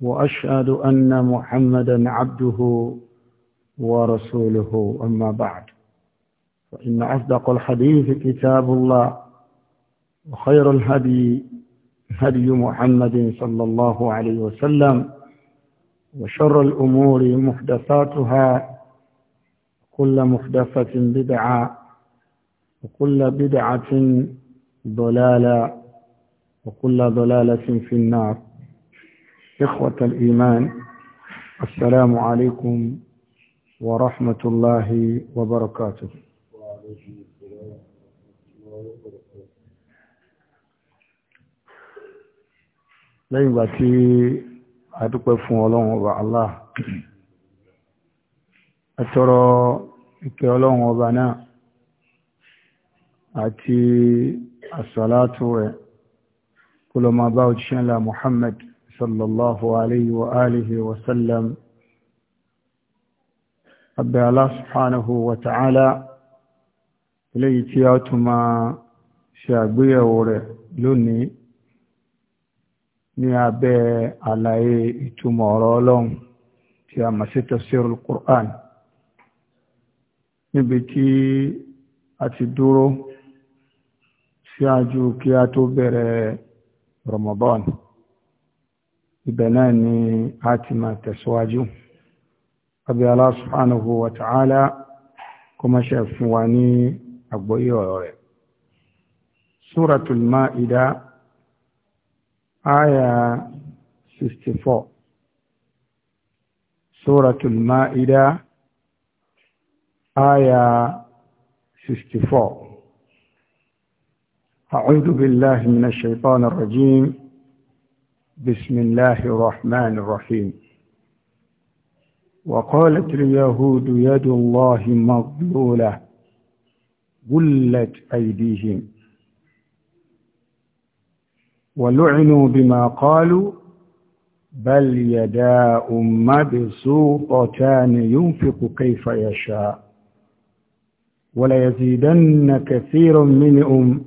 وأشهد أن محمدا عبده ورسوله أما بعد فإن أصدق الحديث كتاب الله وخير الهدي هدي محمد صلى الله عليه وسلم وشر الأمور محدثاتها كل محدثة بدعة وكل بدعة ضلالة وكل ضلالة في النار إخوة الإيمان السلام عليكم ورحمة الله وبركاته lẹ́yìn ìgbà tí a dúpẹ́ fún ọlọ́run ọba Allah àtọrọ ìkẹ́ ọlọ́run ọba náà àti àsàlátù rẹ̀ kó lọ máa bá òjíṣẹ́ ńlá Muhammad صلى الله عليه وآله وسلم أبا الله سبحانه وتعالى إليه ما شابية وره لوني ní abẹ́ àlàyé ìtumọ̀ ọ̀rọ̀ ọlọ́run tí a mọ̀ sí tafsirul Qur'an níbi tí a ti dúró síájú kí a tó bẹ̀rẹ̀ Ramadan ibẹ̀ náà ni a ti máa tẹ̀síwájú àbí Allah subhanahu wa ta'ala kó má ṣe fún wa ní àgbọ́yé ọ̀rọ̀ rẹ̀ suratul ma'ida aya 64 suratul ma'ida aya 64 أعوذ بالله من الشيطان الرجيم بسم الله الرحمن الرحيم وقالت اليهود يد الله مغلولة غلت أيديهم ولعنوا بما قالوا بل يداء مبسوطتان ينفق كيف يشاء وليزيدن كثير منهم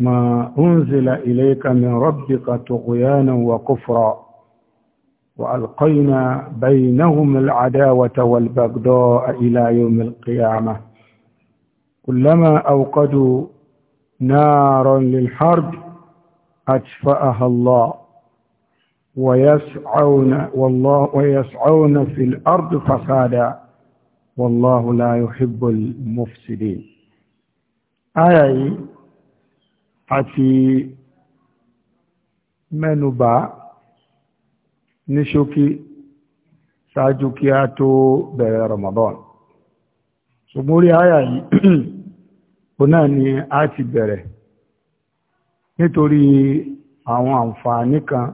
ما أنزل إليك من ربك طغيانا وكفرا وألقينا بينهم العداوة والبغضاء إلى يوم القيامة كلما أوقدوا نارا للحرب أدفأها الله ويسعون والله ويسعون في الأرض فسادا والله لا يحب المفسدين آية àti mẹ́nubà ní ṣókí ṣáájú kí a tó bẹ̀rẹ̀ Ramadan ṣùgbọ́n orí àyà yìí kò náà ni a ti bẹ̀rẹ̀ nítorí àwọn àǹfààní kan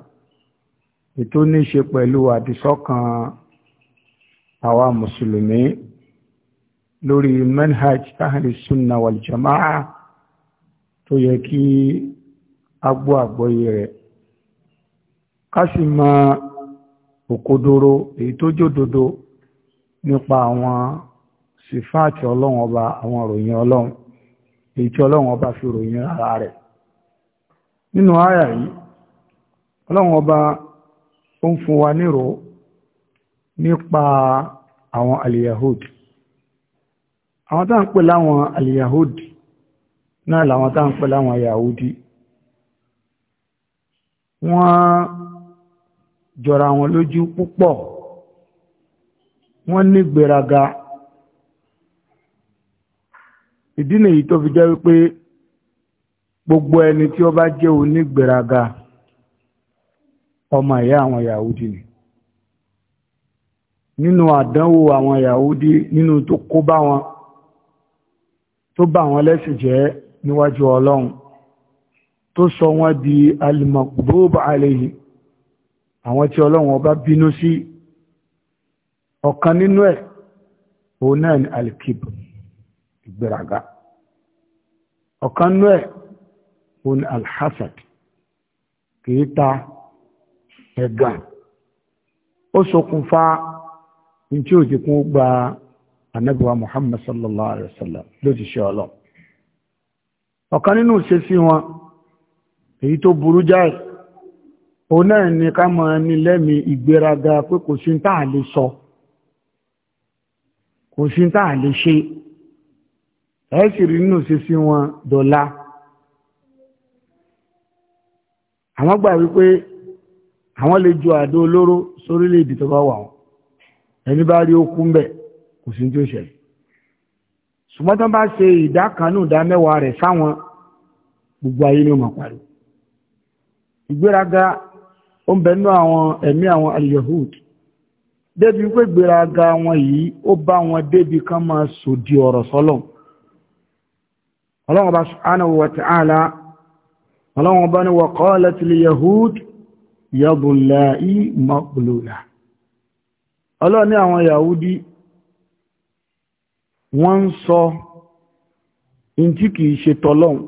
ètò ní ṣe pẹ̀lú àdìsọ́kan àwa mùsùlùmí lórí manhaj ahli sunna wal jama'a tó yẹ kí agbó àgbọ́yé rẹ̀ ká sì máa òkodoro èyí tó jódodo nípa àwọn sífáàtì ọlọ́run ọba àwọn ìròyìn ọlọ́run èyí tí ọlọ́run ọba fi ròyìn ara rẹ̀ nínú àyà yìí ọlọ́run ọba ó ń fún wa nírò nípa àwọn àwọn náà làwọn tá ń pẹ́ láwọn Yahudi wọ́n jọra wọn lójú púpọ̀ wọ́n ní gbéraga ìdí nìyí tó fi jẹ́ wípé gbogbo ẹni tí ó bá jẹ́ onígbéraga ọmọ ìyá àwọn Yahudi ni nínú àdánwò àwọn Yahudi nínú tó kó bá wọn tó bá wọn lẹ́sìn jẹ́ níwájú ọlọ́run tó sọ wọ́n di alimakubóba àlèyìn àwọn tí ọlọ́run ọba bínú sí ọ̀kan nínú ẹ̀ òun náà ni alikib ìgbéraga ọ̀kan nínú ẹ̀ òun ni alhassad kìí ta ẹ̀gàn ó ṣokùnfà ní tí ó ti muhammad sallallahu alaihi wasallam ló ti ṣe ọ̀kan nínú ṣe sí wọn èyí tó burú jáì o náà ni ká mọ̀ ní lẹ́mí ìgbéraga pé kò sí táà lè sọ kò sí táà lè ṣe ẹ̀ sì rí nínú ṣe sí wọn dọ̀la àwọn gbà wípé àwọn lè ju àdó olóró sórílẹ̀-èdè tó bá wà wọn ẹni bá rí ó ń bẹ̀ kò sí tí ṣẹlẹ̀ ṣùgbọ́n tó bá ṣe ìdá kanú ìdá mẹ́wàá rẹ̀ fáwọn gbogbo ayé ni ó máa parí ìgbéraga ó ń bẹnú àwọn ẹ̀mí àwọn al-Yahud débi pé ìgbéraga wọn yìí ó bá wọn débi kan máa sòdì ọ̀rọ̀ sọ́lọ̀ ọlọ́wọ́n bá subhanahu wa ta'ala ọlọ́wọ́n bá ní wa qalatil Yahud yadullahi maghlulah ọlọ́wọ́n ní àwọn Yahudi wọ́n ń sọ in tí kìí ṣe tọ́lọ́un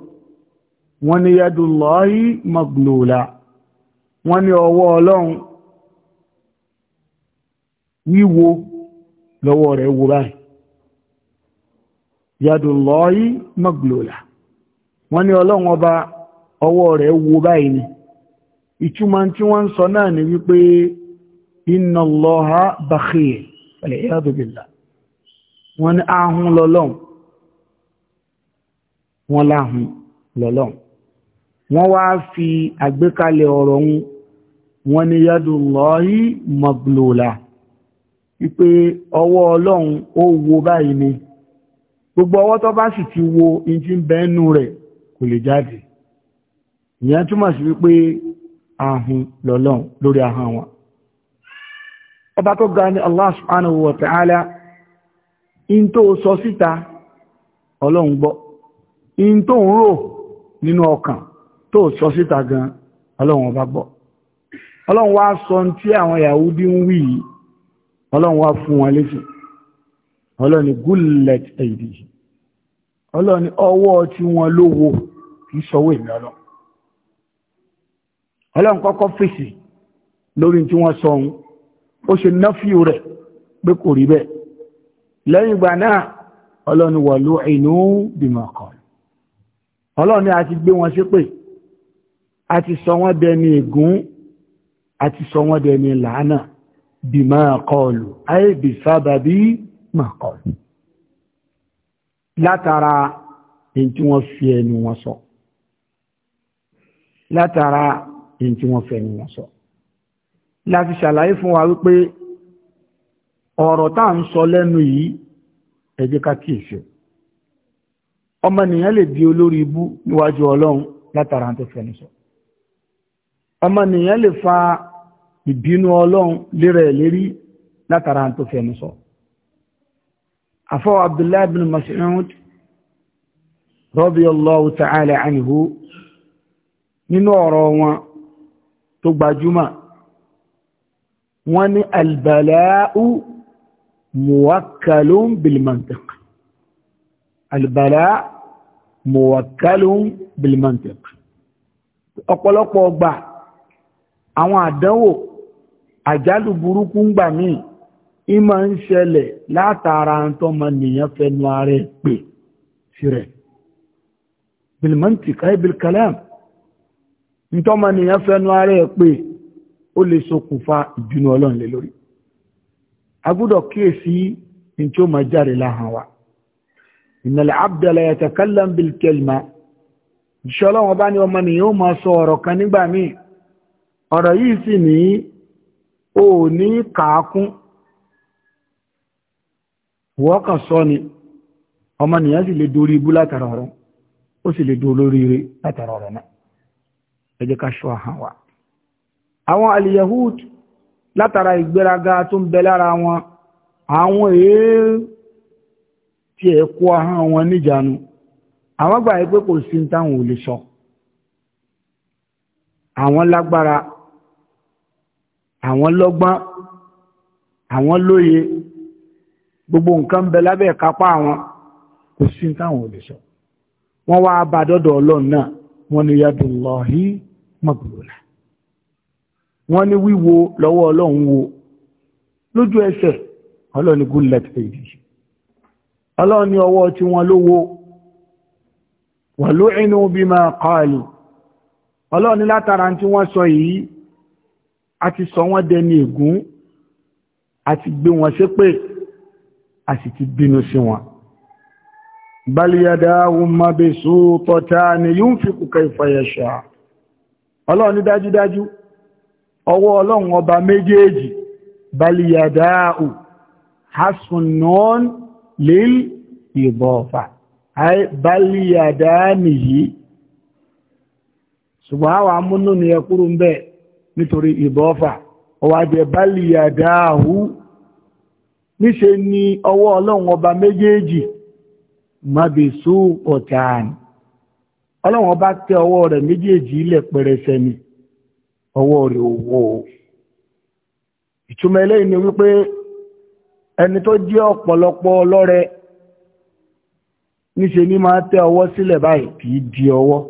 wọ́n ní yadullahi maglula wọ́n ní ọwọ́ ọlọ́run wíwo lọ́wọ́ rẹ̀ wo báyìí yadullahi maglula wọ́n ní ọlọ́run ọba ọwọ́ rẹ̀ wo báyìí ni ìtumọ̀ tí wọ́n ń sọ náà ni wípé inna Allaha bakhil wal iyadu billah wọ́n ni ahun lọ́lọ́n wọ́n láhun lọ́lọ́n wọ́n wá fi àgbékalẹ̀ ọ̀rọ̀ ń wọ́n ní yadullahi maglula wípé ọwọ́ ọlọ́run ó wo báyìí ni gbogbo ọwọ́ tó bá sì ti wo ìjí ń bẹ nú rẹ̀ kò lè jáde ìyẹn túmọ̀ sí wípé ahun lọ́lọ́run lórí ahọ́n wọn ọba tó ga ní Allah subhanahu wa ta'ala in tó sọ síta ọlọ́run gbọ́ in tó ń rò nínú ọkàn tó sọ síta gan ọlọ́run ọba gbọ́ ọlọ́run wá sọ tí àwọn Yahudi ń wí yìí ọlọ́run wá fún wọn létí ọlọ́run gullet aidi ọlọ́run ọwọ́ tí wọ́n ló wo kì í sọwọ́ èmi ọlọ́run ọlọ́run kọ́kọ́ fèsì lórí tí wọ́n sọ ohun ó ṣe náfíù rẹ̀ pé kò rí bẹ́ẹ̀ lẹ́yìn ìgbà náà ọlọ́ni wọ̀lú inú bìmọ̀ kan ọlọ́ni a ti gbé wọn ṣépè a ti sọ wọ́n dẹni ègún a ti sọ wọ́n dẹni làánà bìmọ̀ kọlù àìbì sábàbí mọ̀ kọlù látara èyí tí wọ́n fi ẹnu wọn sọ látara èyí tí wọ́n fi ẹnu wọn sọ láti ṣàlàyé fún wa wípé ọ̀rọ̀ tá à ń sọ lẹ́nu yìí ẹ jẹ́ ká kíyèsí ọmọnìyàn lè di olórí ibú níwájú ọlọ́run látara tó fẹ́ni sọ ọmọnìyàn lè fa ìbínú ọlọ́run lérẹ̀ lérí látara tó fẹ́ni sọ afọ́ abdullahi bin mas'ud radiyallahu ta'ala anhu nínú ọ̀rọ̀ wọn tó gbajúmọ̀ wọ́n ní albala'u موكل بالمنطق البلاء موكل بالمنطق ọ̀pọ̀lọpọ̀ ọgbà àwọn àdánwò àjálù burúkú ń gbà míì ìmọ̀ ń ṣẹlẹ̀ látara tọ́mọ nìyàn fẹnu ààrẹ pè sírẹ̀ bilmantika ibilkalam tọ́mọ nìyàn fẹnu ààrẹ pè ó lè ṣokùnfà ìbínú ọlọ́run lórí a gbọ́dọ̀ kíyèsí ní tí ó máa jáde láhàn wa innal abda la yatakallam bil kalima ìṣọ́lọ́wọ́n bá ní ọmọ nìyàn ó máa sọ ọ̀rọ̀ kan nígbà míì ọ̀rọ̀ yìí sì ní o ní kàákún wọ́n kàn sọ ni ọmọ nìyàn sì lè dorí ibú látara ọ̀rọ̀ ó sì lè do olóríire látara ọ̀rọ̀ náà ẹ ká ṣọ́ àhàn wa àwọn al látara ìgbéraga tó ń bẹ lára wọn àwọn èé tí ẹ̀ kó ahọ́n wọn níjànú àwọn gbà pé kò sí táwọn ò lè sọ àwọn lágbára àwọn lọ́gbọ́n àwọn lóye gbogbo nǹkan bẹ lábẹ́ ìkápá àwọn kò sí táwọn ò lè sọ wọ́n wá bá dọ́dọ̀ ọlọ́run náà wọ́n ní yadullahi maglula wọ́n ní wíwo lọ́wọ́ ọlọ́run wo lójú ẹsẹ̀ ọlọ́run ní gúnlẹ̀tì èdè ọlọ́run ní ọwọ́ tí wọ́n ló wo wà ló inú bí máa kọ́ọ̀lù ọlọ́run ní látara tí wọ́n sọ yìí a ti sọ wọ́n dẹni ègún a ti gbé wọn ṣépè a sì ti bínú sí wọn baliyadahu mabesu tọ́ta ni yóò fi kùkẹ́ ìfàyẹ̀ṣà ọlọ́run dájúdájú dájú ọwọ́ ọlọ́run ọba méjèèjì baliyadaa'u hasunun lil idafa ay baliyadaanihi ṣùgbọ́n àwọn amúnú ni ẹ kúrò ń bẹ̀ nítorí idafa ọwájẹ́ níṣe ni ọwọ́ ọlọ́run ọba méjèèjì mabisu ọ̀tàn ọlọ́run ọba tẹ ọwọ́ rẹ̀ méjèèjì ọwọ́ rẹ̀ owó ìtumọ̀ eléyìí ni wípé ẹni tó jẹ́ ọ̀pọ̀lọpọ̀ ọlọ́rẹ níṣe ní máa tẹ́ ọwọ́ sílẹ̀ báyìí kì í di ọwọ́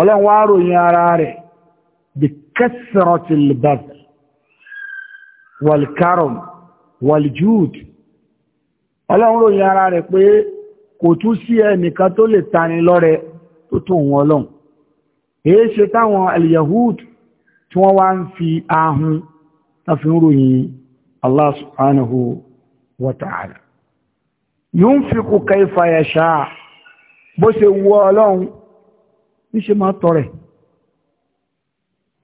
ọlọ́run wá ròyìn ara rẹ̀ bí kẹsìrọ̀tìl bàbà wàlìkárọ̀m wàlìjúùd ọlọ́run ròyìn ara rẹ̀ pé kò tún sí ẹnìkan tó lè tani lọ́rẹ tó tó wọn ọlọ́run èé ṣe táwọn al tí wọ́n wá ń fi ahun tàfin ròyìn Allah subhanahu wa ta'ala yunfiqu kayfa yasha bó ṣe wù ọlọ́run níṣẹ́ máa tọrẹ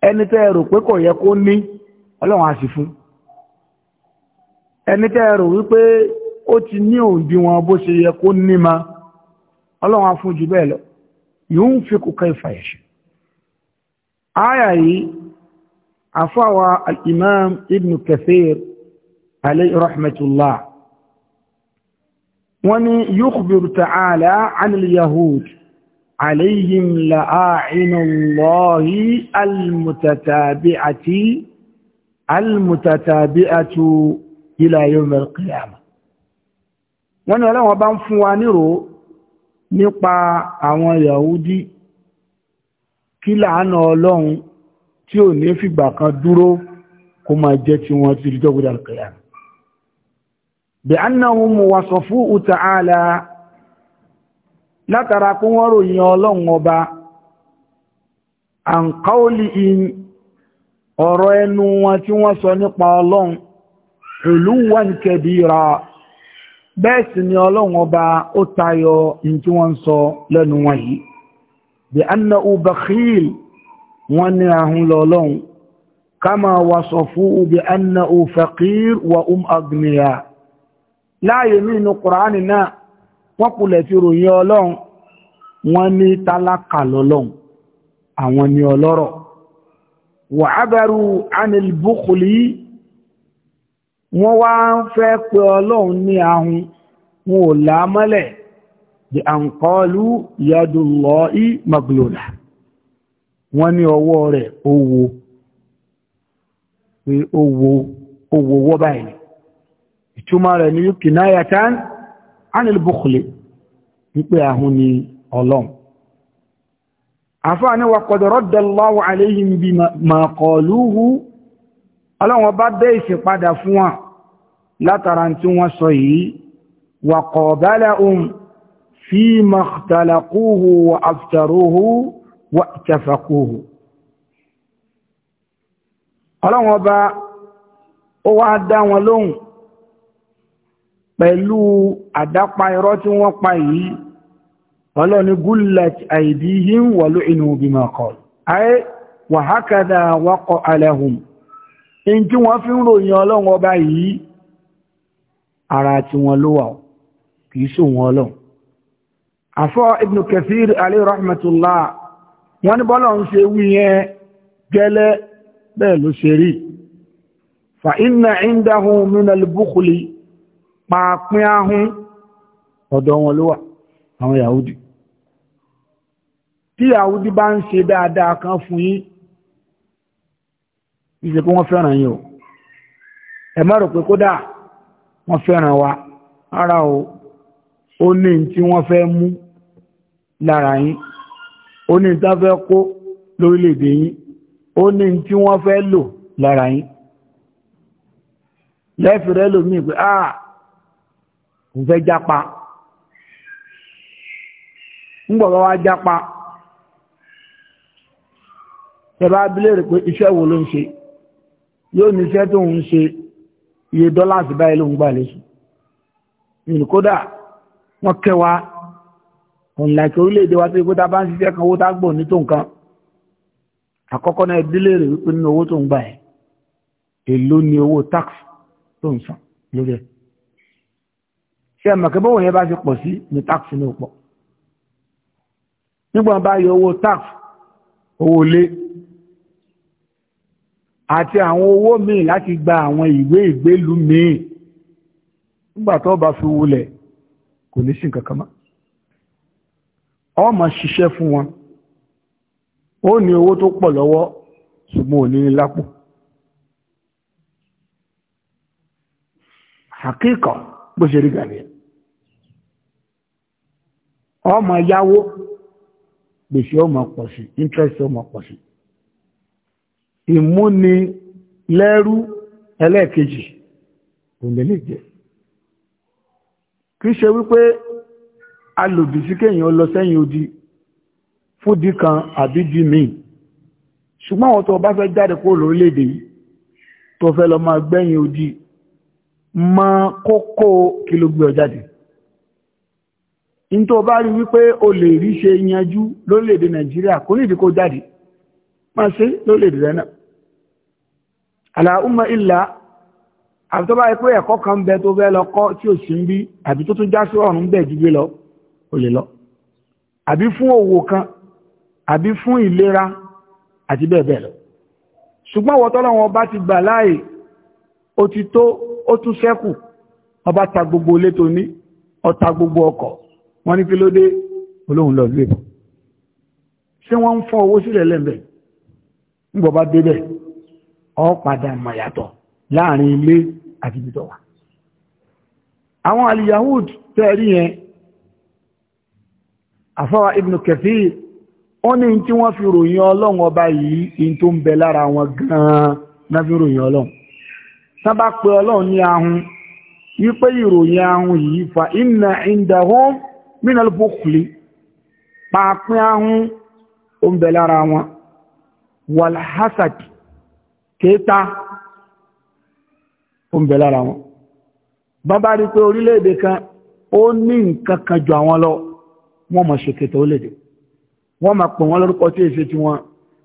ẹni tẹ́ rò pé kò yẹ kó ní ọlọ́run á sì fún ẹni tẹ́ rò wípé ó ti ní òǹdíwọ̀n bó ṣe yẹ kó ní ma ọlọ́run á fún jù bẹ́ẹ̀ lọ yunfiqu kayfa yasha áyà yìí àfáwà al'imam ibn kathir alayhi rahmatullah wọ́n ni yukhbiru ta'ala anil yahud alayhim la'a'inullahi almutatabi'ati almutatabi'atu ila yawm al-qiyamah wọ́n ni ọlọ́wọ́ bá ń fún wa nírò nípa àwọn yahudi kí láàánà ọlọ́run tí ò ní fìgbà kan dúró kó máa jẹ́ tí wọ́n ti ríjọ́ gbọ́dọ̀ kẹyà bí annahum wasafuhu ta'ala látara kó wọ́n ròyìn ọlọ́run ọba an wọ́n sọ ọlọ́run uluwan kabira bẹ́ẹ̀ ni ọlọ́run ọba ó tayọ in wọ́n sọ lẹ́nu wọn yìí bí annahu bakhil wọ́n ní ahun lọ́lọ́run kama wasafuhu bi annahu faqir wa um agniya láàyè nínú kùránì náà wọ́n kulẹ̀ fi ròyìn ọlọ́run wọ́n ní tálákà lọ́lọ́run àwọn ni ọlọ́rọ̀ wà ábẹ̀rù anìlbùkùlì wọ́n wá ń fẹ́ pé ọlọ́run ní ahun wọn ò lámọ́lẹ̀ di àǹkọ́ọ̀lú yadullahi maglula wọ́n ní ọwọ́ rẹ̀ ó pé ó wo ó báyìí ìtumọ̀ rẹ̀ ní kìnnáyàtán anil bukhli wípé ahun ni ọlọ́run àfáàní wa qad radda Allahu alayhim bima qaluhu ọlọ́run bá dé ìsìn fún wọn látara tí wọ́n sọ yìí wa qabalahum fima ikhtalaquhu wa aftaruhu wa'tafaquhu ọlọ́run ọba ó wá dá wọn lóhùn pẹ̀lú àdápa irọ́ tí wọ́n pa yìí ọlọ́ni gullat aydihim wa lu'inu ayé wa hakadha waqa'a in tí wọ́n fi ń ròyìn ọba yìí ara tí wọn ló wà kìí sóhun ọlọ́run àfọ́ ibn kathir alayhi rahmatullah wọ́n ní bọ́lọ̀ ń ṣe wí yẹn gẹ́lẹ́ bẹ́ẹ̀ ló ṣe rí fa inna indahum min al-bukhli pàápín ahun ọ̀dọ̀ wọn ló wà àwọn yahudi tí yahudi bá ń ṣe dáadáa kan fún yín ìṣe pé wọ́n fẹ́ràn yín ẹ má rò pé kódà wọ́n fẹ́ràn wa ara ó ní tí wọ́n fẹ́ mú lára yín ó ní tá fẹ́ kó lórílẹ̀-èdè yín ó ní tí wọ́n fẹ́ lò lára yín lẹ́fìrẹ́ lómi pé ah ń fẹ́ jápa ń gbọ̀gbọ́ wá jápa ẹ̀bá abílẹ̀ rẹ̀ pé iṣẹ́ wo ló ń ṣe yóò ní iṣẹ́ tó ń ṣe iye dọ́là sí báyìí ló ń gbà lẹ́sùn kódà wọ́n kẹwàá òǹlàkì orílẹ̀-èdè wa tó yẹ kó tá a bá ń ṣiṣẹ́ kan owó tá a gbọ̀ ní tó nǹkan àkọ́kọ́ náà ìdílé rẹ̀ wípé nínú owó tó ń gbà ẹ̀ èló ni owó tax tó ń san lórí ẹ̀ ṣé ẹ̀ mọ̀kẹ́ bọ́wọ̀ yẹn bá ṣe pọ̀ sí ni tax ní òpọ̀ nígbà wọn bá yọ owó tax owó lé àti àwọn owó míì láti gba àwọn ìwé ìgbélú míì nígbà tó bá fi wulẹ̀ kò ní sí nǹkan kan mọ́ ọ ma ṣiṣẹ́ fún wọn ó ní owó tó pọ̀ lọ́wọ́ ṣùgbọ́n ò ní lápò àkíkà bó ṣe rí ọ ma yáwó gbèsè pọ̀ sí interest ó pọ̀ sí ẹlẹ́ẹ̀kejì lè alòbí sí kéèyàn lọ sẹ́yìn odi fúdi kan àbí di míì ṣùgbọ́n àwọn tó bá fẹ́ jáde kó lórílẹ̀-èdè yìí tó fẹ́ lọ máa gbẹ́yìn odi mọ kókó kí ló gbé ọ jáde ní tó bá rí wípé o lè rí ṣe yanjú lórílẹ̀-èdè nàìjíríà kò nídìí kó jáde máa ṣe lórílẹ̀-èdè rẹ náà àlàúmọ̀ ìlà àbí bá rí pé ẹ̀kọ́ kan bẹ tó fẹ́ lọ kọ́ tí ò sí ń bí àbí tó tún já sí ọ̀run bẹ̀ jù lọ ó lè lọ àbí fún òwò kan àbí fún ìlera àti bẹ́ẹ̀ bẹ́ẹ̀ lọ ṣùgbọ́n wọ́n tọ́lọ́wọ́n ọba ti gbà láàyè ó ti tó ó tún ṣẹ́kù ọba ta gbogbo ilé tó ní ọta gbogbo ọkọ̀ wọ́n ní kí ló dé olóhùn lọ lébù ṣé wọ́n ń fọ́ owó sílẹ̀ lẹ́m̀bẹ̀ nígbà bá débẹ̀ ọ padà mọ̀ yàtọ̀ láàrin ilé àti ibi tó wà àwọn àlìyahud yẹn àfọwà ibn Kathir ó ní tí wọ́n fi ròyìn ọlọ́run ọba yìí in tó ń bẹ lára wọn gan-an náà fi ròyìn ọlọ́run tán bá pe ọlọ́run ní ahun wípé ìròyìn ahun yìí fa inna indahum minal bukhli pàápín ahun ó ń bẹ lára wọn walhasad kéta ó ń bẹ lára wọn bàbá rí pé orílẹ̀-èdè kan ó ní nǹkan kan jù àwọn lọ wọ́n mọ̀ ṣèkètò lédè wọ́n mọ̀ pè wọ́n lórúkọ tí èsì tí wọ́n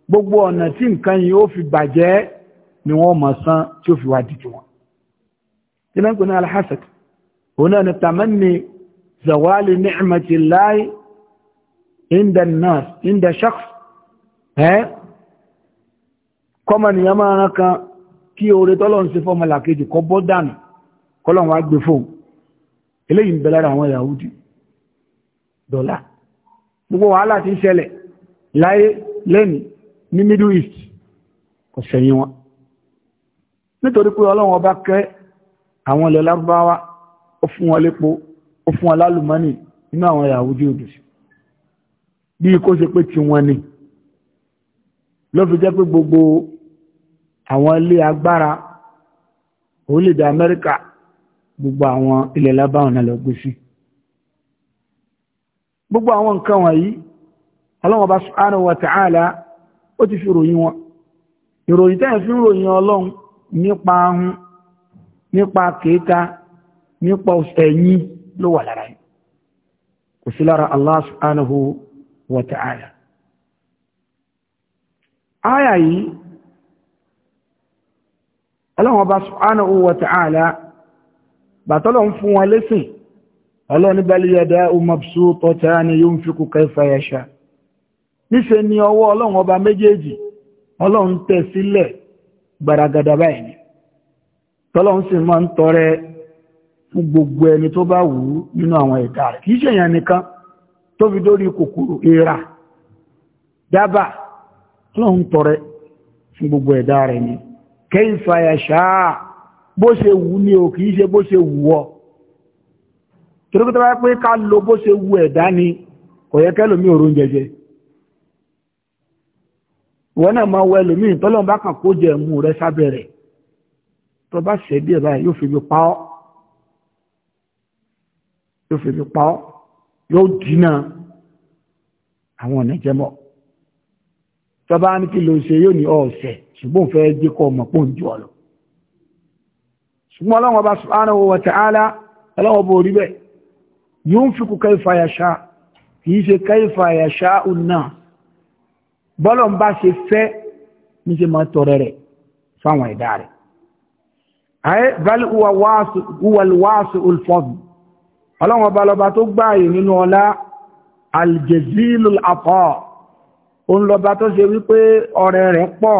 gbogbo ọ̀nà tí nǹkan yìí ó fi bàjẹ́ ni wọ́n mọ̀ san tí ó fi wá di tí wọ́n. kí náà ń ní alhassan òun náà ni tamanni zawali ni'mati llahi inda nas inda shakhs kọ́mọ̀nìyàn máa rán kan kí oore tọ́lọ́run sí fọ́mọlà kejì kọ́ bọ́ dànù kọ́lọ́run wá gbé fóun eléyìí ń bẹ lára àwọn Yahudi dọ́là gbogbo wàhálà ti ń ṣẹlẹ̀ láyé lẹ́ni ní middle east kò sẹ́yìn wọn nítorí pé ọlọ́run ọba kẹ́ àwọn ilẹ̀ lárúbáwá ó fún wọn lépo ó fún wọn lálùmọ́nì nínú àwọn ìyàwó jí òdù sí bí kó ṣe pé tí wọ́n ni ló fi jẹ́ pé gbogbo àwọn ilé agbára orílẹ̀-èdè amẹ́ríkà gbogbo àwọn ilẹ̀ lábáwọn náà lọ gbé sí gbogbo àwọn nǹkan wọ̀nyí ọlọ́run ọba subhanahu wa ta'ala ó ti fi ròyìn wọn ìròyìn tẹ́yìn fi ń ròyìn ọlọ́run nípa ahun nípa kéka nípa ẹ̀yìn ló wà ọba ọlọ́ni n'i yadahu mabsutatan yunfiqu kayfa ṣá níṣẹ́ ni ọwọ́ ọlọ́run ọba méjèèjì ọlọ́run tẹ̀ sílẹ̀ gbaragada báyìí tọ́lọ́run sì máa ń tọrẹ fún gbogbo ẹni tó bá wù ú nínú àwọn ẹ̀dá rẹ̀ ṣèyàn nìkan tó fi dórí kòkòrò dábà fún gbogbo ẹ̀dá rẹ̀ ni bó o ṣe bó ṣe wù torókè tó bá pé ká lo bó ṣe wu ẹ̀dá ni kò yẹ kẹ́lòmí òrùn jẹjẹ wọ́n náà máa wọ ẹlòmí tọ́lọ́n bá kàn kó jẹ mú rẹ sábẹ̀rẹ̀ tó bá ṣẹ́ díẹ̀ báyìí yóò fi mi pa ọ́ yóò fi mi pa ọ́ yóò dínà àwọn ọ̀nà jẹmọ́ tó bá ní kí ló ṣe yóò ní ọ̀ọ̀ṣẹ̀ ṣùgbọ́n fẹ́ jẹ́ kọ́ ọmọ pọ̀ ń jù ọ lọ ṣùgbọ́n ọlọ́wọ́ bá subhanahu wa ta'ala ọlọ́wọ́ bó rí bẹ́ẹ̀ yunfiku kaifa yasha kìí ṣe kaifa yasha náà bọ́lọ̀ ń bá ṣe fẹ́ ní ṣe máa tọrẹ rẹ̀ fáwọn ẹ̀dá rẹ̀ ayé bal huwa al-wasi'ul fadl ọlọ́run ọba lọba tó gbáàyè nínú ọlá aljezilul apọ̀ òun lọba tó ṣe wípé ọrẹ rẹ̀ pọ̀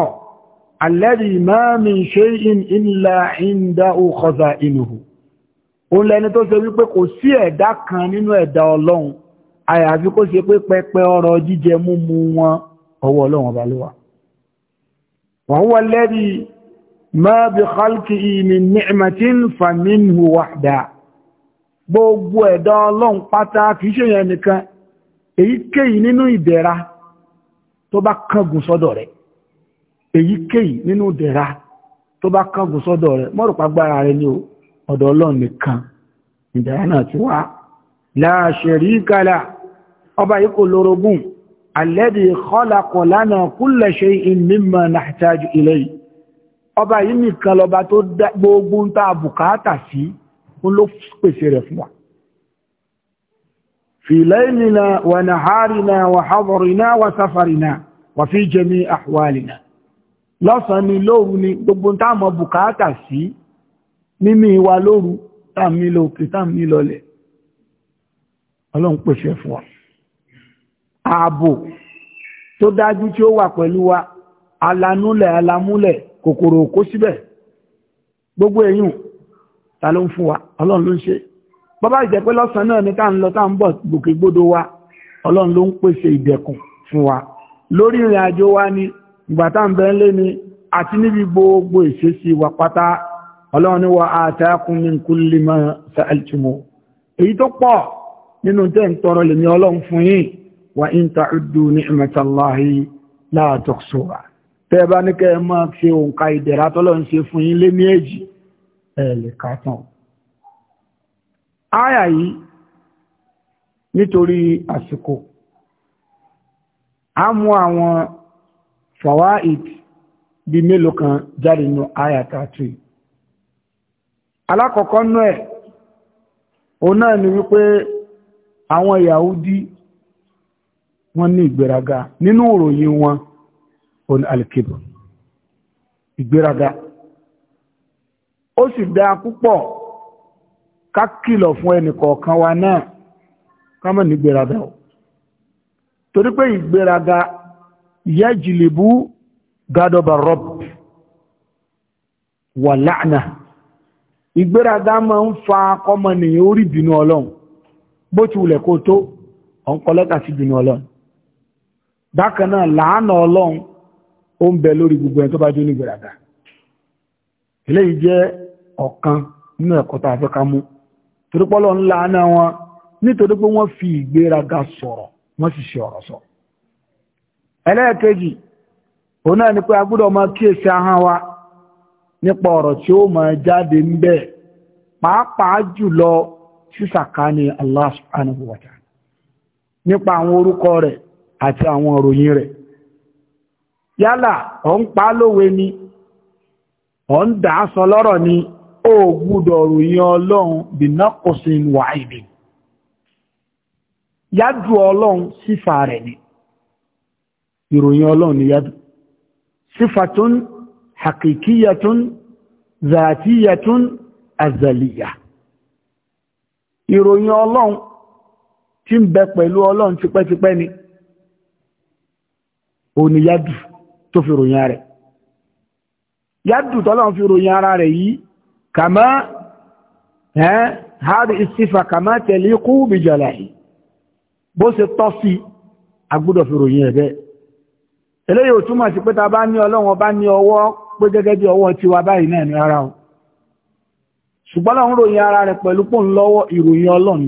alladhi ma min shay'in illa indahu khaza'inuhu òun lẹni tó ṣe wípé kò sí ẹ̀dá kan nínú ẹ̀dá ọlọ́run àyàfi kó ṣe pé pẹpẹ ọrọ̀ jíjẹ múmu wọn ọwọ́ ọlọ́run ọba ló wà wọ́n wọ́n lẹ́rí máa bí kálkì ìmì nìmatin fàmínú wàdà gbogbo ẹ̀dá ọlọ́run pátá kìí ṣe yẹn nìkan èyíkéyìí nínú ìdẹ̀ra tó bá kángun sọ́dọ̀ rẹ̀ èyíkéyìí nínú ìdẹ̀ra tó bá kángun sọ́dọ̀ rẹ̀ mọ́rùpá gbára rẹ̀ ni o ọ̀dọ̀ ọlọ́run nìkan ìdáyà náà ti wá la sharika la ọba yìí kò lórogún alladhi khalaqa lana kulla shay'in mimma nahtaju ilayhi ọba yìí nìkan lọba tó gbogbo ń ta bùkátà sí fún ló pèsè rẹ̀ fún wa fi laylina wa naharina wa hadarina wa safarina wa fi lọ́sàn ni lóru ni gbogbo ń ta mọ bùkátà sí mímí ìwà lóru tàmí lókè tàmí lọlẹ̀ ọlọ́run pèsè fún wa ààbò tó dájú tí ó wà pẹ̀lú wa alanúlẹ̀ alamúlẹ̀ kòkòrò kó síbẹ̀ gbogbo èyàn ta ló ń fún wa ọlọ́run ló ń ṣe bàbá ìjẹ́ pé lọ́sàn náà ní ká ń tá ń bọ̀ wa ọlọ́run ló ń pèsè fún wa lórí ìrìn àjò wa ni ìgbà tá ń bẹ ń lé ni àti níbi gbogbo ìṣesí wa pátá ọlọ́run wa àtàkùn min kulli ma sa'altumu èyí tó pọ̀ nínú tẹ́ ń tọrọ lèmi ọlọ́run fún yín wa in ta'uddu ni'matallahi la tuhsuha tẹ́ bá ní kẹ́ máa ṣe òǹkà ìdẹ̀ra tọ́lọ́run ṣe fún yín lé ní èjì ẹ̀ kan jáde nínú áyà alákọ̀ọ́kọ́ nú ẹ̀ òun náà ni wípé àwọn Yahudi wọ́n ní ìgbéraga nínú ìròyìn wọn o ní alkibu ìgbéraga ó sì dá púpọ̀ ká fún ẹnìkọ̀ọ̀kan wa náà ká má ní ìgbéraga o torí pé ìgbéraga yajlibu gádọ́bà rọ́b wà láàánà ìgbéraga máa ń fa kọmọnìyàn orí ìbínú ọlọ́run bó ti wulẹ̀ kó tó ọ̀nkọ́ sí ọlọ́run bákan náà làánà ọlọ́run ó ń bẹ lórí gbogbo ẹni tó bá jó ní ìgbéraga eléyìí jẹ́ ọ̀kan nínú ẹ̀kọ́ a ká mú ńlá náà wọn wọ́n fi ìgbéraga sọ̀rọ̀ wọ́n sì ṣe ọ̀rọ̀ sọ ẹlẹ́ẹ̀kejì òun náà ni pé máa kíyèsí ahọ́n wa nípa ọ̀rọ̀ tí ó máa jáde ń bẹ̀ pàápàá jùlọ sísàkání Allah subhanahu wa ta'ala nípa àwọn orúkọ rẹ̀ àti àwọn òròyìn rẹ̀ yálà ọ̀ ń pa lówe ni ọ̀ ń dà á sọ lọ́rọ̀ ni ó gbúdọ̀ ròyìn ọlọ́run bìnà kò sí wà ìbí yádù ọlọ́run sífà rẹ̀ ni ìròyìn ọlọ́run ni yádù sífà tó ń hakikiyatun zatiyatun azaliya ìròyìn ọlọ́run tí ń bẹ pẹ̀lú ọlọ́run tipẹ́tipẹ́ ni òní yádù tó fi ròyìn rẹ̀ yádù tọ́lọ́run fi ròyìn ara rẹ̀ yìí kàmá ẹ́ hádì ìsífà kàmá tẹ̀lé kú bìjọlá yìí bó ṣe tọ́ sí agbúdọ̀ fi ròyìn ẹ̀ bẹ́ẹ̀ eléyìí ò túmọ̀ sí pé ta bá ní ọlọ́run ọba ní ọwọ́ pé gẹ́gẹ́ bí ọwọ́ tiwa báyìí náà ní ara o ṣùgbọ́n láwọn ròyìn ara rẹ̀ pẹ̀lú pò ń lọ́wọ́ ìròyìn ọlọ́run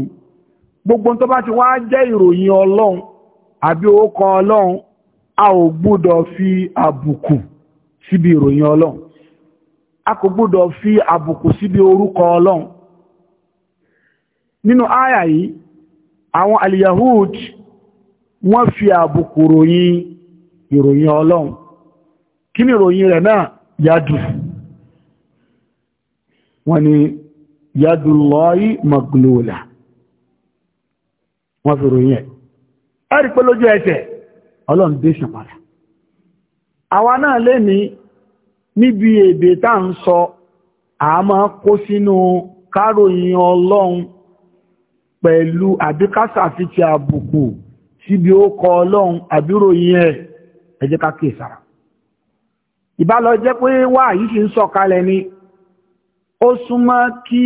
gbogbo tó bá ti wá jẹ́ ìròyìn ọlọ́run àbí orúkọ ọlọ́run a ò gbúdọ̀ fi àbùkù síbi ìròyìn ọlọ́run a kò gbúdọ̀ fi àbùkù síbi orúkọ ọlọ́run nínú àyà yìí àwọn aliyahud wọ́n fi àbùkù ròyìn ìròyìn ọlọ́run kí ni ìròyìn rẹ̀ náà yadu wọ́n ni yádù lọ́yí maglúlà wọ́n fi ròyìn ẹ̀ pé lójú ẹsẹ̀ ọlọ́run dé àwa náà lè ní níbi èdè tá ń sọ kó sínú káròyìn ọlọ́run pẹ̀lú fi ti àbùkù síbi ó kọ ọlọ́run ẹ̀ ìbálọ jẹ́ pé wà yìí ti ń sọ̀kalẹ̀ ni ó súnmọ́ kí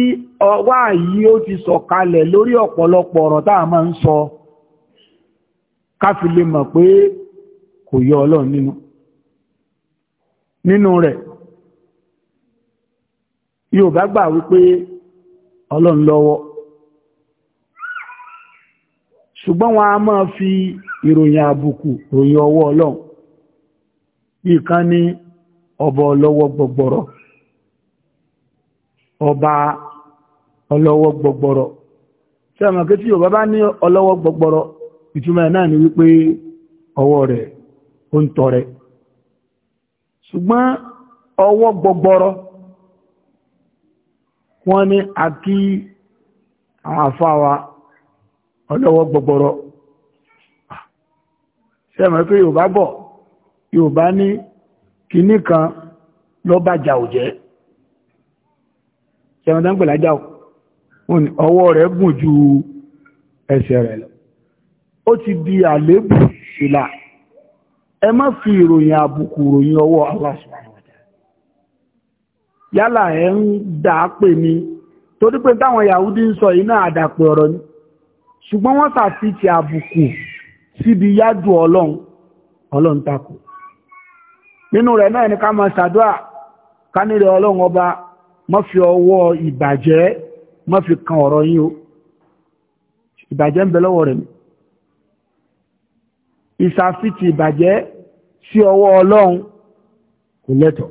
wà yìí ó ti sọ̀kalẹ̀ lórí ọ̀pọ̀lọpọ̀ ọ̀rọ̀ táà máa ń sọ káfí lè mọ̀ pé kò yọ ọlọ́run nínú nínú rẹ̀ yóò bá gbà wípé ọlọ́run lọ́wọ́ ṣùgbọ́n wọn a máa fi ìròyìn àbùkù ròyìn ọwọ́ ọlọ́run ìkan ni ọba ọlọ́wọ́ gbọgbọrọ ọba ọlọ́wọ́ gbọgbọrọ tí a mọ̀ké tí Yorùbá bá ní ọlọ́wọ́ gbọgbọrọ ìtumọ̀ ẹ̀ náà ni wípé ọwọ́ rẹ̀ ó ń tọrẹ ṣùgbọ́n ọwọ́ gbọgbọrọ wọ́n ní a kí àwọn àfáwa ọlọ́wọ́ gbọgbọrọ ṣe mọ̀ pé Yorùbá bọ̀ Yorùbá ní kìíní kan lọ́bàjà ò jẹ́ ṣẹ̀wọ̀n tán pẹ̀lá jà ọwọ́ rẹ̀ gùn ju ẹsẹ̀ rẹ̀ lọ ó ti di àlébù ṣìlá ẹ má fi ìròyìn àbùkù ìròyìn ọwọ́ Allah subhanahu wa ta'ala yálà ẹ ń dà á pè ní torí pé táwọn Yahudi ń sọ iná àdàpẹ̀ ọ̀rọ̀ ni ṣùgbọ́n wọ́n sàfi àbùkù síbi yádù ọlọ́run ọlọ́run takò nínú rẹ̀ náà ní ká máa ṣàdúà ká nílẹ̀ ọlọ́run ọba má fi ọwọ́ ìbàjẹ́ má fi kan ọ̀rọ̀ yín o ìbàjẹ́ ń bẹ lọ́wọ́ rẹ̀ mi ìsàfitì ìbàjẹ́ sí ọwọ́ ọlọ́run kò lẹ́tọ̀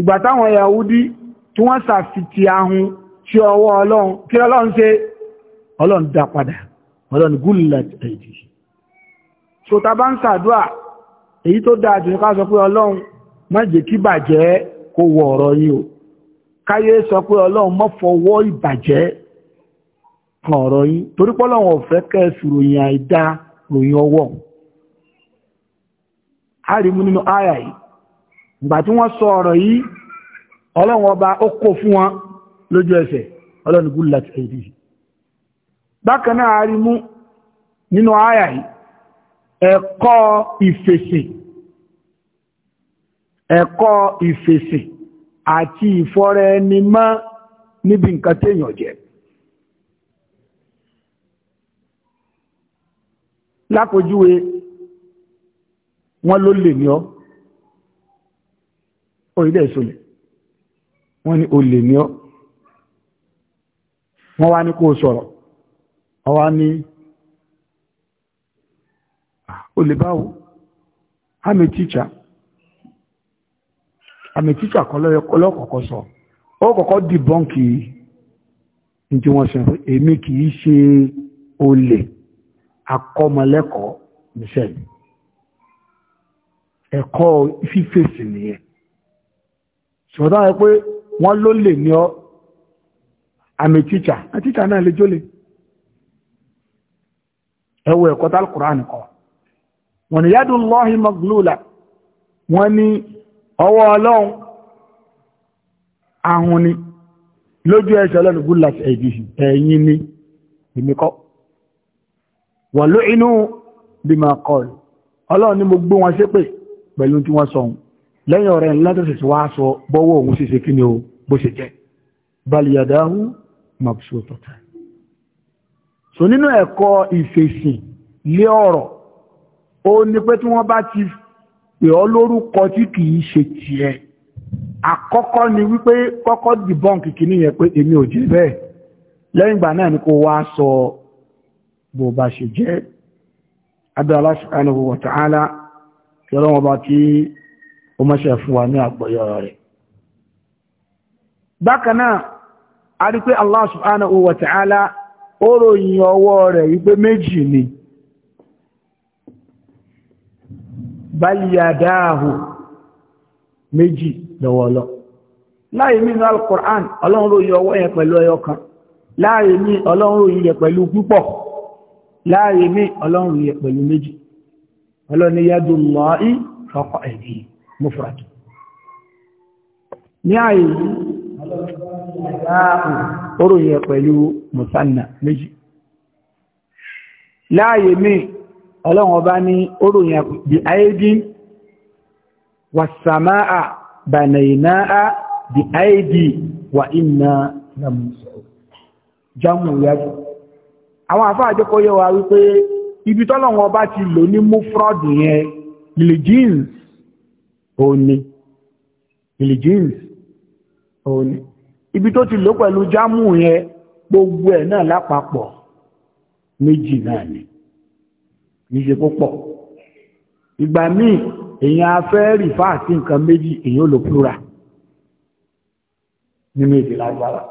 ìgbà táwọn Yahudi tí wọ́n sàfitì ahun sí ọwọ́ ọlọ́run kí ọlọ́run ṣe ọlọ́run dá padà ọlọ́run gúlùlà ẹ̀dì so ta bá èyí tó dáa jù ní ká sọ pé ọlọ́run má jẹ́ kí bàjẹ́ kò wọ ọ̀rọ̀ yìí o káyé sọ pé ọlọ́run má fọwọ́ ìbàjẹ́ kan ọ̀rọ̀ yìí torí pọ́lọ́run ọ̀fẹ́ fẹ́ kẹ́ sùròyìn àìdá ròyìn ọwọ́ a rí mú nínú àyà yìí ìgbà tí wọ́n sọ ọ̀rọ̀ yìí ọlọ́run ọba ó kó fún wọn lójú ẹsẹ̀ ọlọ́run gúlù láti ẹ̀yìn bákan náà a rí mú nínú àyà yìí ẹ̀kọ́ ìfèsì ẹ̀kọ́ ìfèsì àti ìfọ́ra ẹni mọ́ níbi nǹkan téèyàn jẹ́ lápòjúwe wọ́n ló lè ní ọ́ orílẹ̀ ìsọlẹ̀ wọ́n ní olè ní ọ́ wọ́n wá ní kó sọ̀rọ̀ ọwá ní olèbáwo i'm a teacher i'm sọ ó kọ̀kọ́ dìbọ́ǹkì ní tí wọ́n sọ pé kì í ṣe olè akọ́mọlẹ́kọ̀ọ́ ẹ̀kọ́ fífèsì nìyẹn ṣùgbọ́n pé wọ́n ló lè ní ọ́ wọ́n ni yádùn lọ́hì maglúlà wọ́n ni ọwọ́ ọlọ́run ahun ni lójú ẹsẹ̀ ọlọ́run gúlàtí ẹ̀yìn ni ìmíkọ́ wọ́n ló inú bí ma kọlù ọlọ́run ni mo gbé wọn ṣépè pẹ̀lú tí wọ́n sọun lẹ́yìn ọ̀rẹ́ látọ̀sẹ̀ o ní pé tí wọ́n bá ti pè ọ́ lórúkọ tí kìí ṣe tie àkọ́kọ́ ni wípé kọ́kọ́ dìbọn kìkìní yẹn pé èmi ò jẹ́ bẹ́ẹ̀ lẹ́yìn ìgbà naa ni ko wa sọ bó bá je jẹ́ abẹ́ Allah subhanahu wa ta'ala kẹrọ wọn bá tí ó mọ́ṣẹ́ fún wa ní àgbọ́yọ̀ rẹ̀ bákan náà a rí pé Allah subhanahu wa ta'ala ó ròyìn ọwọ́ rẹ̀ wípé méjì ni balyadáhù méjì lọ́wọ́lọ́ láì mí náà al-Qur'an ọlọ́run ròyìn ọwọ́ yẹn pẹ̀lú ẹyọ kan láì mí ọlọ́run yẹ pẹ̀lú púpọ̀ láì mí ọlọ́run ròyìn yẹ pẹ̀lú méjì ọlọ́ni yadu Allahi ọlọ́run ọba ní oròyìn bí aidi wàsàmáà bànàìnáà bí aidi wà iná lámùsọ̀ jámù yájú àwọn àfáà àjẹ́kọ́ yẹ wa wípé ibi tọ́lọ́run ọba ti lò ní múfúrọ́dù yẹn lìjìns òní lìjìns òní ibi tó ti lò pẹ̀lú jámù yẹn gbogbo ẹ̀ náà lápapọ̀ méjì náà ni kìí ṣe púpọ̀ ìgbà míì èyàn afẹ́ rìfà sí nǹkan méjì èyàn ò lò plural nínú èdè lágbára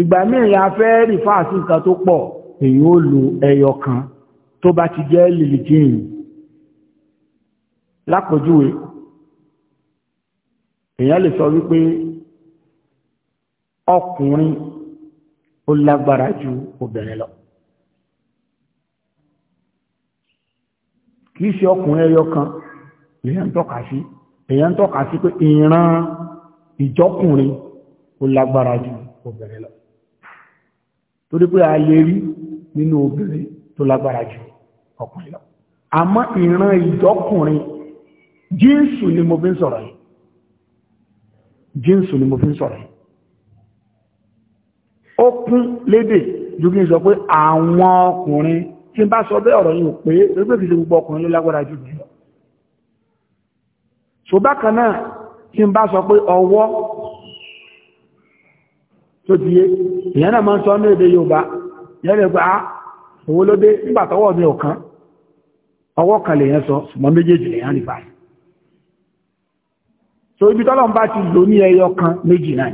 ìgbà míì èyàn afẹ́ rìfà sí nǹkan tó pọ̀ èyàn ò lò ẹyọ kan tó bá ti jẹ́ lìlìjìn lápòjúwe èyàn lè sọ wípé ọkùnrin ó lágbára ju obìnrin lọ. kìí ṣe ọkùnrin ẹyọ kan èyàn tọ́ka sí èyàn tọ́ka sí pé ìran ìjọkùnrin ó lágbára ju obìnrin lọ torí pé a lè rí nínú obìnrin tó lágbára ju ọkùnrin lọ àmọ́ ìran ìjọkùnrin jíǹsù ni mo fi ń sọ̀rọ̀ jíǹsù ni mo fi ń sọ̀rọ̀ yìí ó kún lédè ju kí n sọ pé àwọn ọkùnrin tí n bá sọ bẹ́ ọ̀rọ̀ yìí pé orípẹ́ fi ṣe gbogbo ọkùnrin ló lágbára jù jù lọ so bákan náà tí n bá sọ pé ọwọ́ tó ti yé ìyẹn náà máa ń sọ ní èdè Yorùbá ìyẹn lè gba ah, owó ló dé nígbà tọwọ́ mi ò kán ọwọ́ kan lè yẹn sọ ṣùgbọ́n méjèèjì lè yẹn rí báyìí so ibi tọ́lọ̀ bá ti lò ní ẹyọ kan méjì náà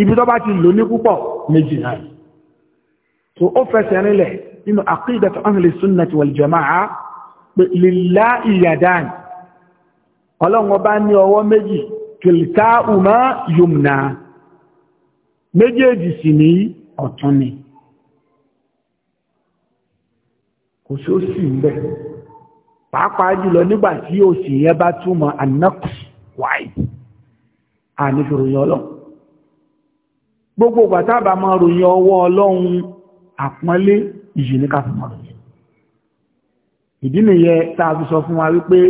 ibi tọ́ bá ti lò ní púpọ̀ méjì náà so ó fẹsẹ̀ rinlẹ̀ nínú to ahli sunnati wal jama'a pé lillahi yadan ọlọ́run ọba ní ọwọ́ méjì kìlìtà umá yumna méjèèjì sì ní ọ̀tún ni kò sí ó sì ń bẹ̀ pàápàá jùlọ nígbà tí òsì yẹn bá túmọ̀ anaqs wáyé ànífìròyìn ọlọ́run gbogbo gbàtàbà máa ròyìn ọwọ́ ọlọ́run àpọ́nlé ìyì ní ká fún ọ̀rọ̀ ìdí nìyẹ tá a fi sọ fún wa wípé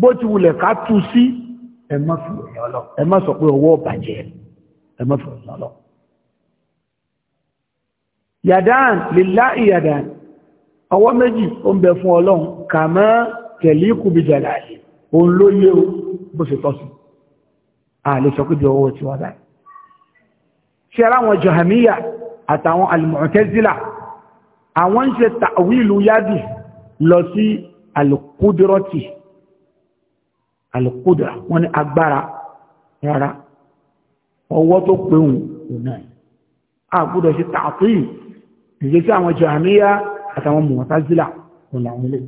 bó ti wulẹ̀ ká tú sí ẹ má fi ọ̀yọ́ lọ ẹ má sọ pé ọwọ́ bàjẹ́ ẹ má fi ọ̀yọ́ òun ló yé o bó ṣe tọ́sí a lè ọwọ́ ti wá báyìí. ṣé aláwọn jọ̀hàmíyà àtàwọn alìmọ̀tẹ́sílà àwọn ń ṣe tàwílù yádì lọ sí alìkúdírọ́tì alìkúdírà wọ́n ní agbára rárá ọwọ́ tó pẹ̀hùn náà àgbúdọ̀ ṣe tààfíì ìgbé sí àwọn jàmíyà àtàwọn mọ̀tẹ́sílà ọ̀nà àwọn ilé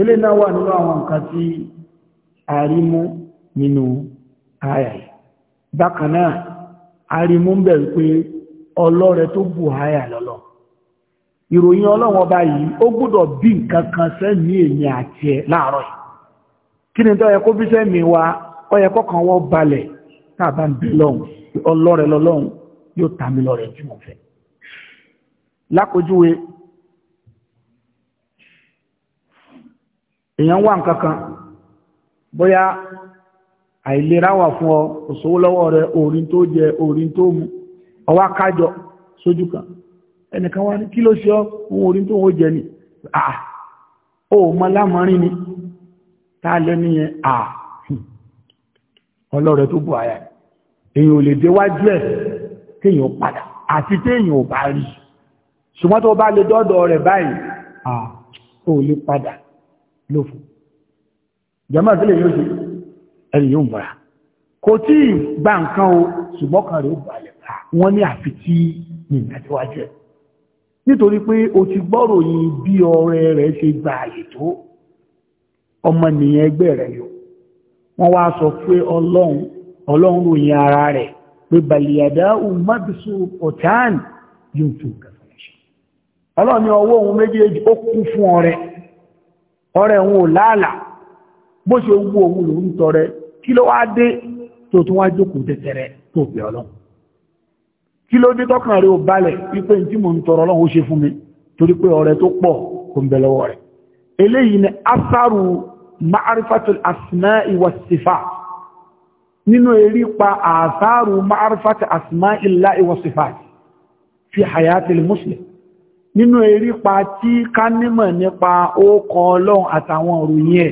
ilé náà wà nínú àwọn nǹkan tí a rí mú nínú ayà bákan náà a rí mú bẹ̀rù pé ọlọ́rẹ tó bù háyà lọ́lọ́ ìròyìn ọlọ́run ọba yìí ó gbúdọ̀ bí nǹkan kan sẹ́mi èmi àti ẹ láàárọ̀ kí ni tó yẹ kó bí sẹ́mì wa ó yẹ kọ́kàn wọ́n balẹ̀ tá ń lọ́hùn ọlọ́rẹ lọ́lọ́hùn yóò ta mi lọ́rẹ jù lákòjúwe èèyàn wà nǹkan kan bóyá àìlera wà fún ọ òṣòwò lọ́wọ́ rẹ ọwá kájọ sójú kan ẹnìkan wá ní kí ló ṣe ohun orí tó wó jẹ ni àà ó mọ lámọ́rin ni tá lẹ́ ní yẹn àà ọlọ́rẹ̀ tó bù àyà èyàn ò lè déwájú ẹ̀ kéèyàn padà àti téèyàn ò bá rí ṣùgbọ́n tó bá lè dọ́dọ̀ rẹ̀ báyìí àà ó lè padà lófo jẹ́mọ́ sílẹ̀ yóò ṣe ẹni yóò mọ̀ra kò tí ì gba nǹkan o ṣùgbọ́n kan rẹ̀ balẹ̀ wọ́n ní àfi tí nìyàtíwájẹ́ nítorí pé o ti gbọ́rò yìí bí ọ̀rẹ́ rẹ̀ ṣe gba àyè tó ọmọnìyàn ẹgbẹ́ rẹ̀ yọ wọ́n wá sọ pé ọlọ́run ọlọ́run ròyìn ara rẹ̀ pé bàlìyàdá umabisu ọ̀tán yóò tún gàfẹ́ṣẹ́ ọlọ́run ní ọwọ́ òun méjèèjì kí ló dé tọ́kàn rẹ̀ ò balẹ̀ wípé tí mo ń tọrọ Ọlọ́run ó ṣe fún mi torí pé ọrẹ tó pọ̀ kò ń bẹ lọ́wọ́ rẹ̀ eléyìí ni asaru ma'arifatul asma'i was sifat nínú erí pa asaru ma'arifatul asma'illahi was sifat fi hayatil muslim nínú erí pa tí ká nímọ̀ nípa ókọ Ọlọ́run àtàwọn òròyìn ẹ̀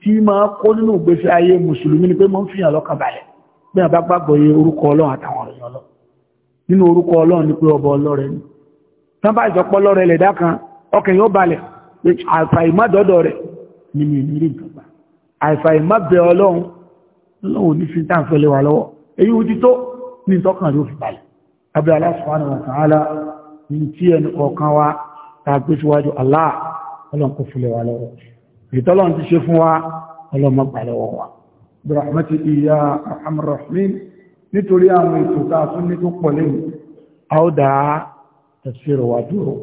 tí máa kó nínú ìgbésí ayé mùsùlùmí ni pé mo ń fihàn lọ́kàn balẹ̀ bí wọ́n bá gbàgbọ́ orúkọ Ọlọ́run àtàwọn nínú orúkọ ọlọ́run ní pé ọba ọlọ́rẹ ni tán bá ìjọpọ̀ lọ́rẹ lẹ̀dá kan ọkàn yóò balẹ̀ àìfàìmọ́dọ́dọ̀ rẹ̀ ni mi ní rí nǹkan gbà àìfàìmọ́bẹ̀ ọlọ́run lọ́wọ́ ní fi tàn fẹ́lẹ̀ wà lọ́wọ́ èyí ó ti tó ní tọ́kàn yóò fi balẹ̀ abẹ́ Allah subhanahu nítorí àwọn ètò tá a tún ní tó pọ̀ lẹ́yìn a ó dá tẹ̀síro wa dúró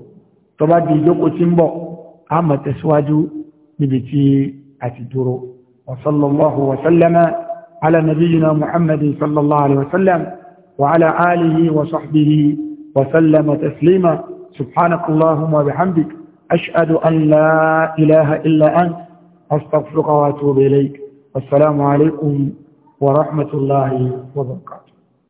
tó bá di ìjókòó tí ń bọ̀ a mọ̀ tẹ̀síwájú níbi tí a ti dúró وصلى الله وسلم على نبينا محمد صلى الله عليه وسلم وعلى آله وصحبه وسلم تسليما سبحانك اللهم وبحمدك أشهد أن لا إله إلا أنت أستغفرك وأتوب إليك والسلام عليكم ورحمة الله وبركاته